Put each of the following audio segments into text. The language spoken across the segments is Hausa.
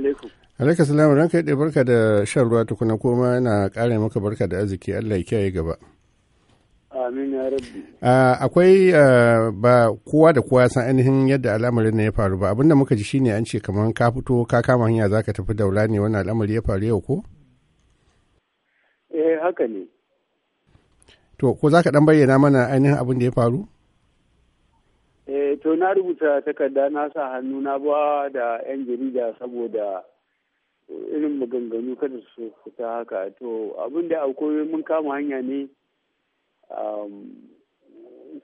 alaikum. Alaikum salamu ranka barka da shan ruwa tukuna koma yana ƙara maka barka da arziki Allah ya kiyaye gaba. Amin ya rabbi. Akwai ba kowa da kowa san ainihin yadda al'amarin na ya faru ba abinda muka ji shine an ce kamar ka fito ka kama hanya za ka tafi daula ne wannan al'amari ya faru yau ko? Eh haka ne. To ko za ka ɗan bayyana mana ainihin abin da ya faru? Eh, to na rubuta takarda na sa hannu na ba da 'yan jarida saboda irin maganganu kada su fita haka. To abin da akwai mun kama hanya ne um,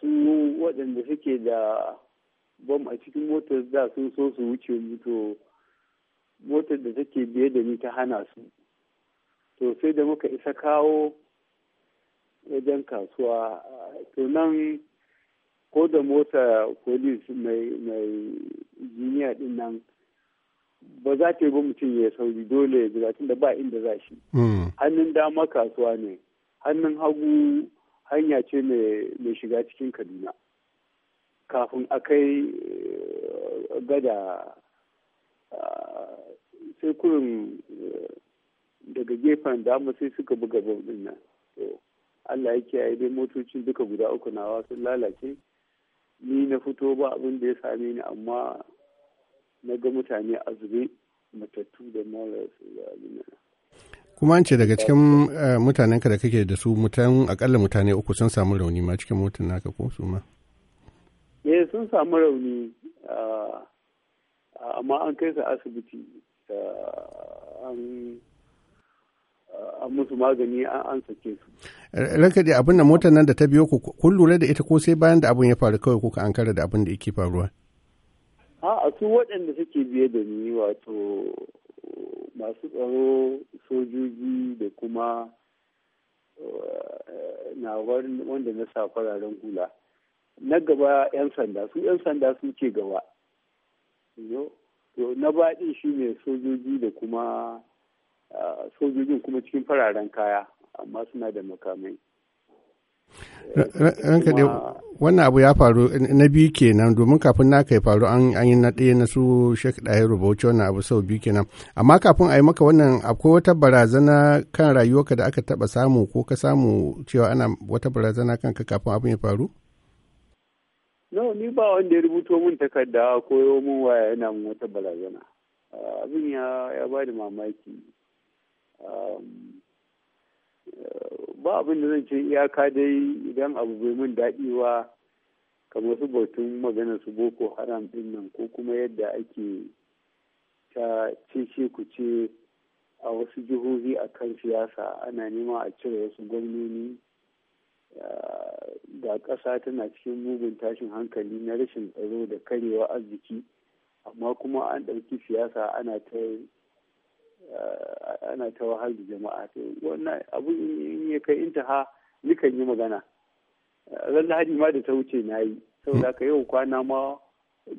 su waɗanda suke da bam a cikin motar za sun so su wuce mu to motar da take biye da ni ta hana su. To sai da muka isa kawo wajen kasuwa. To nan ko da mota polis mai jiniya din nan ba za ta yi ba mutum ya sauri dole ya jira tunda ba inda za shi hmm. hannun dama kasuwa ne hannun hagu hanya ce mai shiga cikin kaduna kafin a kai eh, gada eh, sai kurin eh, daga gefen dama sai suka buga bom nan Allah ya kiyaye dai motocin duka guda uku nawa sun lalace ni na fito ba abin da ya same ni amma na ga mutane a zube matattu da marasa kuma an ce daga cikin eh, mutanen ka da kake da su mutan akalla mutane uku sun samu rauni ma cikin motar naka ko su ma eh sun samu rauni ah, ah, amma an kai su asibiti ah, an A musu magani an sake su. Ranka dai abin da motar nan da ta biyo ku kun lura da ita ko sai bayan da abin ya faru kawai kuka ankara da abin da yake faruwa. A su waɗanda suke biye da ni wato masu tsaro sojoji da kuma eh, na wanda na sa fararen hula. Na gaba 'yan sanda su 'yan sanda su ke gaba. To na baɗin shi ne sojoji da kuma sojojin kuma cikin fararen kaya amma suna da makamai ranka dai wannan abu ya faru na biyu kenan domin kafin na kai faru an yi na ɗaya na su shek ɗaya rubuce wannan abu sau biyu kenan amma kafin a yi maka wannan akwai wata barazana kan rayuwarka da aka taɓa samu ko ka samu cewa ana wata barazana kan ka kafin abin ya faru no ni ba wanda ya rubuto min takarda ko yo min waya yana min wata barazana ah, abin ya ba da mamaki Um, ba abin da zan ce iyaka dai idan abu bai mun daɗi ba kamar su batun magana su boko haram ɗin nan ko kuma yadda ake ta cece ku ce a wasu jihohi a kan siyasa ana nema a cire wasu gwamnoni da uh, ƙasa tana cikin mugun tashin hankali na rashin tsaro da karewa arziki amma kuma an ɗauki siyasa ana ta ana ta wahal da jama'a wannan abun ya kai intaha nikan yi magana ran lahadi ma da ta wuce na yi saboda ka yau kwana ma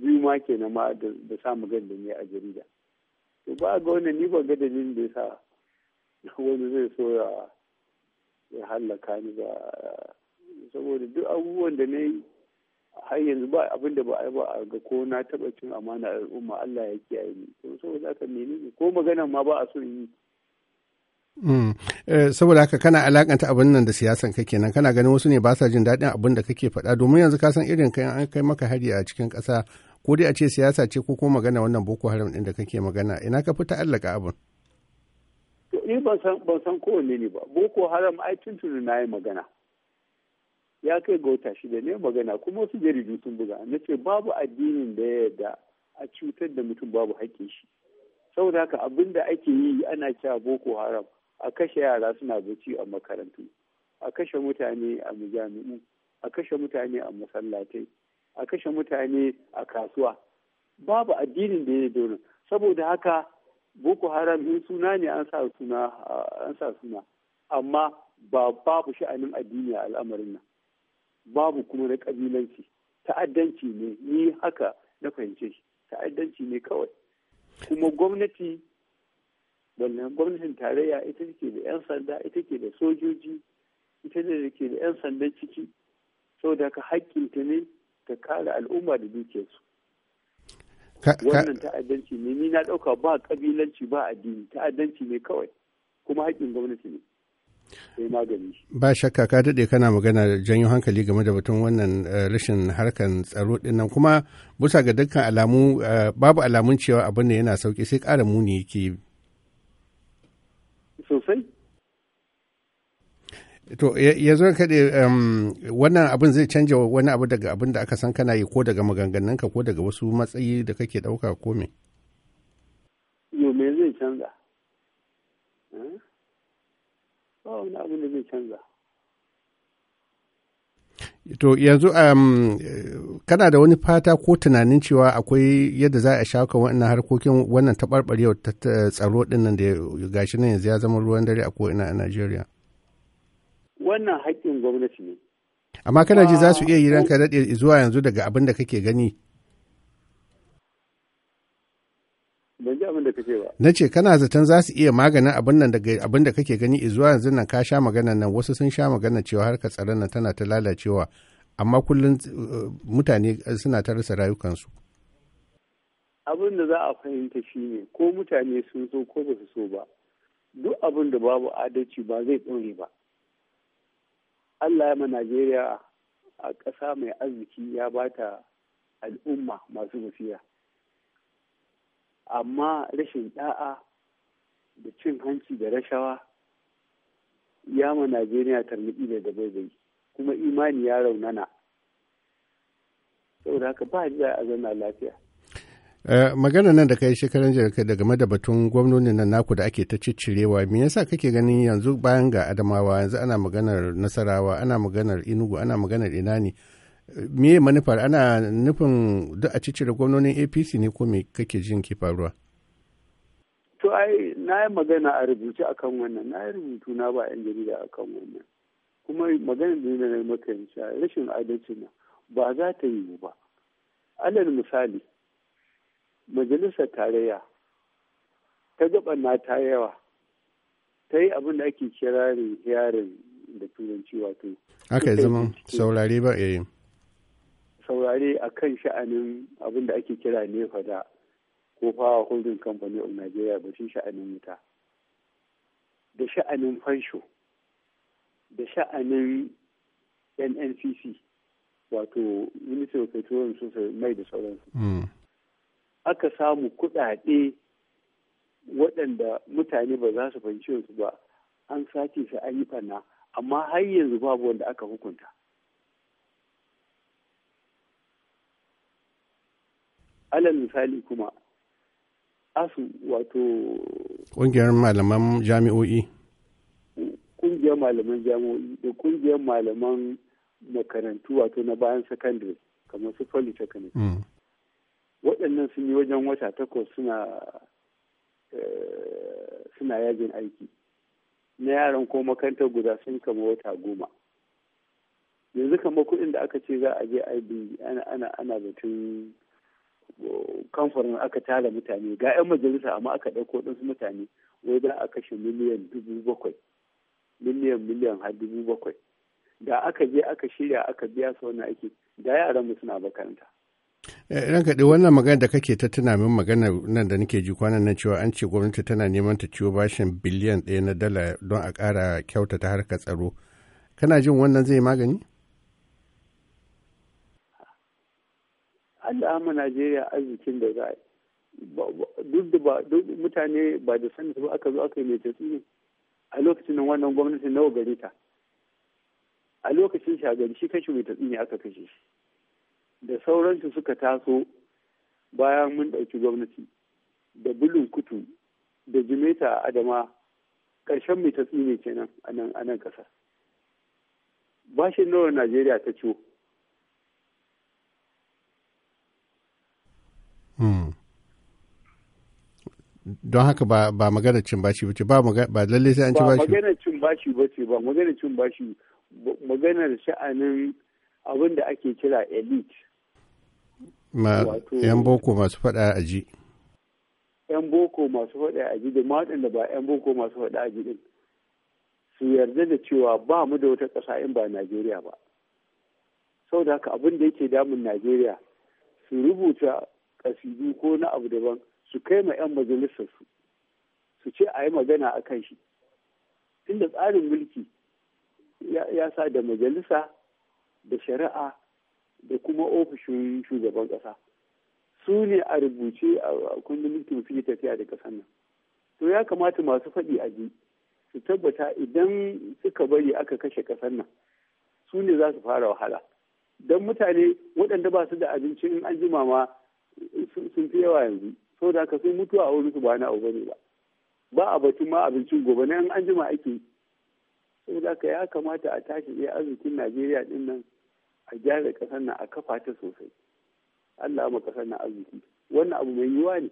biyu ma kenan ma da sa mu da ne a jarida to ba ga wannan ni ban ga dalilin da yasa wani zai so ya hallaka ni ba saboda duk abubuwan da na yi har yanzu ba abin da ba a ba a ga ko na taɓa cin amana al'umma Allah ya kiyaye ni to saboda haka ko magana ma ba a so yi mm. eh, saboda haka kana alakanta abin nan da siyasan kake nan kana ganin wasu ne ba sa jin daɗin abin da kake faɗa domin yanzu ka san irin kai an kai maka hari a cikin ƙasa ko dai a ce siyasa ce ko ko magana wannan boko haram ɗin da kake magana ina ka fi ta'allaka abin ni ban san kowanne ne ba boko haram ai tuntun na yi magana ya kai ga wata shida ne magana kuma wasu jaridu sun buga na ce babu addinin da ya da a cutar da mutum babu haƙƙin shi saboda haka abin da ake yi ana cewa boko haram a kashe yara suna bacci a makarantu a kashe mutane a majami'u a kashe mutane a masallatai a kashe mutane a kasuwa babu addinin da ya dona saboda haka boko haram in suna ne an sa suna amma ba babu sha'anin addini a al'amarin nan babu kuma na kabilanci ta'addanci ne ni haka na fahimce shi ta'addanci ne kawai kuma gwamnati wannan gwamnatin tarayya ita take da 'yan sanda ita ke da sojoji ita ne ke da 'yan sandan ciki saboda ka haƙƙinta ne ta kare al'umma da dukiyarsu wannan ta'addanci ne ni na ɗauka ba ƙabilanci ba addini ta'addanci ne kawai kuma haƙƙin gwamnati ne Ba shakka ka daɗe kana magana da janyo hankali game da batun wannan eh, rashin harkan tsaro ɗinnan kuma busa ga dukkan alamu eh, babu alamun cewa abin da yana sauki sai ƙara muni yake. Sosai. To yanzu kaɗe wannan abin zai canja wani abu daga abin da aka san kana yi ko daga maganganunka ko daga wasu matsayi da kake ɗauka ko me? Yo me zai canza? ba wani canza to yanzu um, kana da wani fata ko tunanin cewa akwai yadda za a shawo kan wannan harkokin wannan taɓarɓarewar tsaro ɗin nan da gashi nan yanzu ya zama ruwan dare a ko'ina a Najeriya. Wannan haƙƙin gwamnati ne. Amma kana ji za su iya yi ranka daɗe zuwa yanzu daga abin da kake gani abin da kake ba. Na kana zaton za su iya maganin abin nan daga abin da kake gani zuwa yanzu nan ka sha maganan nan wasu sun sha magana cewa harkar tsaron nan tana ta lalacewa amma kullum uh, mutane suna ta rasa rayukansu. Abin da za a fahimta shi ne ko mutane sun so ko ba su so ba duk abin da babu adalci ba zai ɗore ba. Allah ya ma Najeriya a ƙasa mai arziki ya bata al'umma masu basira. amma rashin da'a da cin hanci da rashawa ya ma najeriya tarmiɗi da da bai kuma imani ya raunana saboda haka ba da a zana lafiya eh, magana nan da kai shekaran jirka da game da batun gwamnoni nan naku da ake ta ciccirewa me yasa kake ganin yanzu bayan ga adamawa yanzu ana maganar nasarawa ana maganar inugu ana maganar ina ne me manufar ana nufin duk a cicire gwamnonin apc ne ko me kake jin ke faruwa to ai na yi magana a rubuce kan wannan na yi rubutu na ba yan jarida a kan wannan kuma magana da na yi yanzu rashin adalci na ba za ta yi ba alal misali majalisar tarayya ta gaba na ta yawa ta yi abin da ake kira yarin da turanci wato yi zama saurare ba yi. Eh. saurare a kan sha'anin abin da ake kira nefa da ko fawa holding company of nigeria batun sha'anin wuta da sha'anin fansho da sha'anin nncc wato ministry of petroleum sosai mai da sauransu mm. aka samu kudade waɗanda mutane ba za su fahimci su ba an sace su an yi amma har yanzu babu wanda aka hukunta alal misali kuma asu wato ƙungiyar malaman jami'o'i ƙungiyar malaman jami'o'i da kungiyar malaman makarantu wato na bayan sakandare kamar su polytechnic mm. waɗannan sun yi wajen wata takwas suna eh, suna yajin aiki na yaran ko makarantar guda sun kama wata goma yanzu kamar kuɗin da aka ce za a je ana ana batun kamfanin aka tara mutane ga 'yan majalisa amma aka ɗauko ɗansu mutane wai da a kashe miliyan dubu bakwai miliyan miliyan har dubu bakwai da aka je aka shirya aka biya su wani aiki da yaran mu suna makaranta. Eh, Ran kaɗai wannan magana da kake ta tuna min magana nan da nake ji kwanan nan cewa an ce gwamnati tana neman ta ciwo bashin biliyan ɗaya na dala don a ƙara kyautata harkar tsaro. Kana jin wannan zai magani? Allah ama Najeriya arzikin da za duk da ba duk mutane ba da sani ba aka zo aka yi mai ne a lokacin nan wannan gwamnati nawa gare ta a lokacin shagari shi kashe mai ne aka kashe shi da sauransu suka taso bayan mun ɗauki gwamnati da bulun kutu da jimeta a adama ƙarshen mai ne kenan a nan ƙasa bashin nawa najeriya ta ciwo don haka ba magana cin bashi ba ba ba lalle sai an ci bashi ba magana cin bashi ce ba magana cin bashi maganar sha'anin abin da ake kira elite ma yan boko masu faɗa a ji yan boko masu faɗa a ji da ma waɗanda ba yan boko masu faɗa a ji din su yarda da cewa ba mu da wata ƙasa in ba Najeriya ba saboda haka abin da yake damun Najeriya su rubuta kasidu ko na abu daban su kai ma 'yan majalisarsu su ce a yi magana a kan shi inda tsarin mulki ya sa da majalisa da shari'a da kuma ofishin shugaban ƙasa su ne a rubuce a kundin suke tafiya da ƙasar nan to ya kamata masu faɗi a ji su tabbata idan suka bari aka kashe ƙasar nan su ne za su fara wahala don mutane waɗanda ba su da abinci in an jima ma sun fi yawa yanzu so da ka sun mutuwa a wurin su ba na abu bane ba ba a batun ma abincin gobe ne an anjima ake da ka ya kamata a tashi iya arzikin najeriya din nan a gyara kasar nan a kafa ta sosai allah ma kasar nan arziki wannan abu mai yiwuwa ne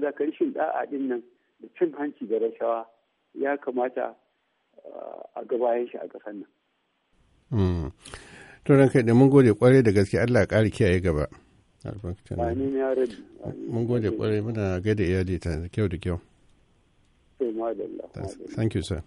da ka rishin da'a din nan da cin hanci da rashawa ya kamata eh, a gabayan shi a kasar nan. Hmm. Turan kai da mun gode kwarai da gaske Allah ya kare kiyaye gaba. Mun gode kwarai muna gaida iyali ta kyau da kyau. Thank you sir.